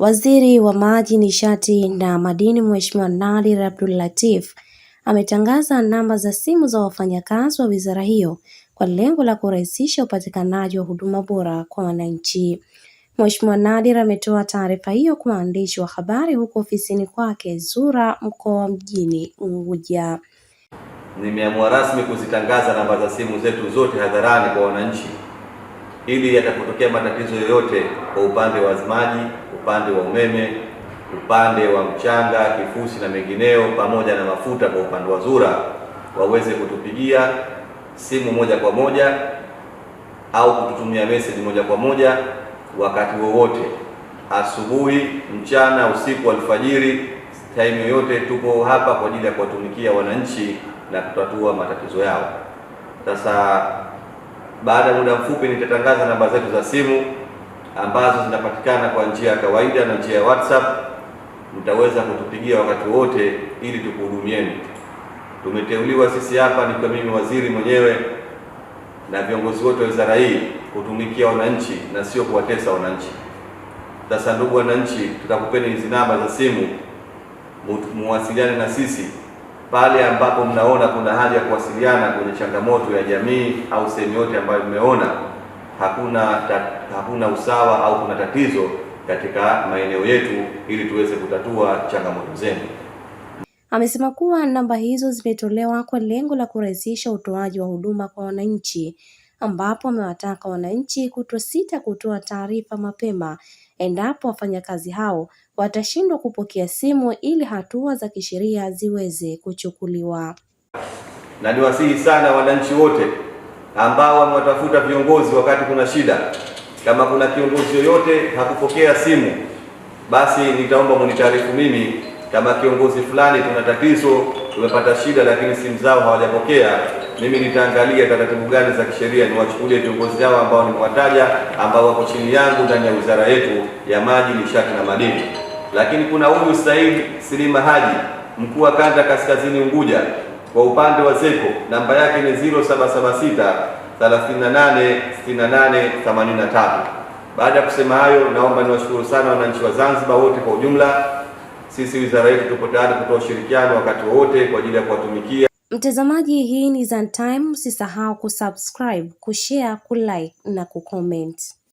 Waziri wa Maji, Nishati na Madini Mheshimiwa Nadir Abdul Latif ametangaza namba za simu za wafanyakazi wa wizara hiyo kwa lengo la kurahisisha upatikanaji wa huduma bora kwa wananchi. Mheshimiwa Nadir ametoa taarifa hiyo kwa waandishi wa habari huko ofisini kwake Zura, mkoa mjini Unguja. Nimeamua rasmi kuzitangaza namba za simu zetu zote hadharani kwa wananchi ili yatakotokea matatizo yoyote kwa upande wa maji, upande wa umeme, upande wa mchanga, kifusi na mengineo, pamoja na mafuta kwa upande wa ZURA, waweze kutupigia simu moja kwa moja au kututumia message moja kwa moja wakati wowote, asubuhi, mchana, usiku, alfajiri, time yoyote, tupo hapa kwa ajili ya kuwatumikia wananchi na kutatua matatizo yao. Sasa baada ya muda mfupi, nitatangaza namba zetu za simu ambazo zinapatikana kwa njia ya kawaida na njia ya WhatsApp. Mtaweza kutupigia wakati wote ili tukuhudumieni. Tumeteuliwa sisi hapa, nikiwa mimi waziri mwenyewe na viongozi wote wa wizara hii kutumikia wananchi na sio kuwatesa wananchi. Sasa ndugu wananchi, tutakupeni hizi namba za simu, muwasiliane na sisi pale ambapo mnaona kuna haja ya kuwasiliana kwenye changamoto ya jamii au sehemu yote ambayo mmeona hakuna ta, hakuna usawa au kuna tatizo katika maeneo yetu, ili tuweze kutatua changamoto zenu. Amesema kuwa namba hizo zimetolewa kwa lengo la kurahisisha utoaji wa huduma kwa wananchi ambapo amewataka wananchi kutosita kutoa taarifa mapema endapo wafanyakazi hao watashindwa kupokea simu ili hatua za kisheria ziweze kuchukuliwa. Na niwasihi sana wananchi wote ambao wamewatafuta viongozi wakati kuna shida, kama kuna kiongozi yoyote hakupokea simu, basi nitaomba mnitaarifu mimi kama kiongozi fulani, tuna tatizo, tumepata shida, lakini simu zao hawajapokea, mimi nitaangalia taratibu gani za kisheria niwachukulie viongozi hao ambao nimewataja, ambao wako chini yangu ndani ya wizara yetu ya maji, nishati na madini. Lakini kuna huyu Said Silima Haji, mkuu wa kanda kaskazini Unguja kwa upande wa ZECO, namba yake ni 0776 38 Baada ya kusema hayo, naomba niwashukuru sana wananchi wa Zanzibar wote kwa ujumla sisi wizara yetu tuko tayari kutoa ushirikiano wakati wowote kwa ajili ya kuwatumikia. Mtazamaji, hii ni Zantime, usisahau kusubscribe, kushare, kulike na kucomment.